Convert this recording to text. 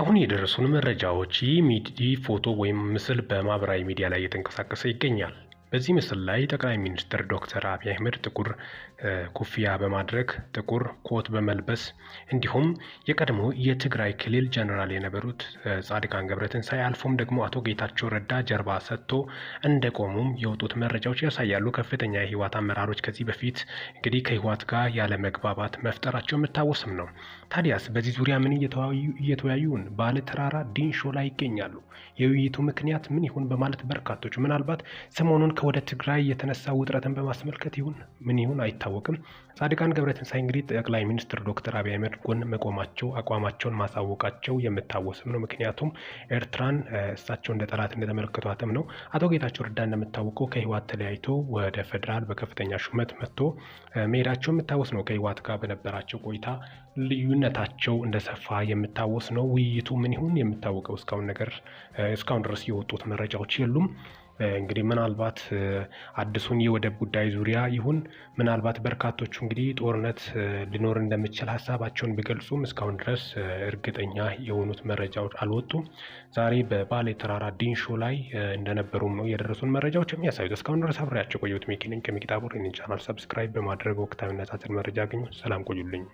አሁን የደረሱን መረጃዎች ይህ ፎቶ ወይም ምስል በማህበራዊ ሚዲያ ላይ እየተንቀሳቀሰ ይገኛል። በዚህ ምስል ላይ ጠቅላይ ሚኒስትር ዶክተር አብይ አህመድ ጥቁር ኩፍያ በማድረግ ጥቁር ኮት በመልበስ እንዲሁም የቀድሞ የትግራይ ክልል ጀነራል የነበሩት ጻድቃን ገብረትንሳኤ አልፎም ደግሞ አቶ ጌታቸው ረዳ ጀርባ ሰጥቶ እንደቆሙም የወጡት መረጃዎች ያሳያሉ። ከፍተኛ የህወሓት አመራሮች ከዚህ በፊት እንግዲህ ከህወሓት ጋር ያለ መግባባት መፍጠራቸው የምታወስም ነው። ታዲያስ በዚህ ዙሪያ ምን እየተወያዩን ባለ ተራራ ዲንሾ ላይ ይገኛሉ። የውይይቱ ምክንያት ምን ይሁን በማለት በርካቶች ምናልባት ሰሞኑን ወደ ትግራይ የተነሳ ውጥረትን በማስመልከት ይሁን ምን ይሁን አይታወቅም ጻድቃን ገብረትንሳኤ እንግዲህ ጠቅላይ ሚኒስትር ዶክተር አብይ አህመድ ጎን መቆማቸው አቋማቸውን ማሳወቃቸው የምታወስም ነው። ምክንያቱም ኤርትራን እሳቸው እንደ ጠላት እንደተመለከቷትም ነው። አቶ ጌታቸው ረዳ እንደምታወቀው ከህወሓት ተለያይቶ ወደ ፌዴራል በከፍተኛ ሹመት መጥቶ መሄዳቸው የምታወስ ነው። ከህወሓት ጋር በነበራቸው ቆይታ ልዩነታቸው እንደሰፋ የምታወስ ነው። ውይይቱ ምን ይሁን የምታወቀው እስካሁን ነገር እስካሁን ድረስ የወጡት መረጃዎች የሉም። እንግዲህ ምናልባት አዲሱን የወደብ ጉዳይ ዙሪያ ይሁን ምናልባት በርካቶቹ እንግዲህ ጦርነት ሊኖር እንደሚችል ሀሳባቸውን ቢገልጹም እስካሁን ድረስ እርግጠኛ የሆኑት መረጃዎች አልወጡም። ዛሬ በባሌ ተራራ ዲንሾ ላይ እንደነበሩም ነው የደረሱን መረጃዎች የሚያሳዩት። እስካሁን ድረስ አብሬያቸው ቆየሁት። ሚኪ ነኝ ከሚኪታቦር። ቻናል ሰብስክራይብ በማድረግ ወቅታዊ ጫጭር መረጃ አገኙ። ሰላም ቆዩልኝ።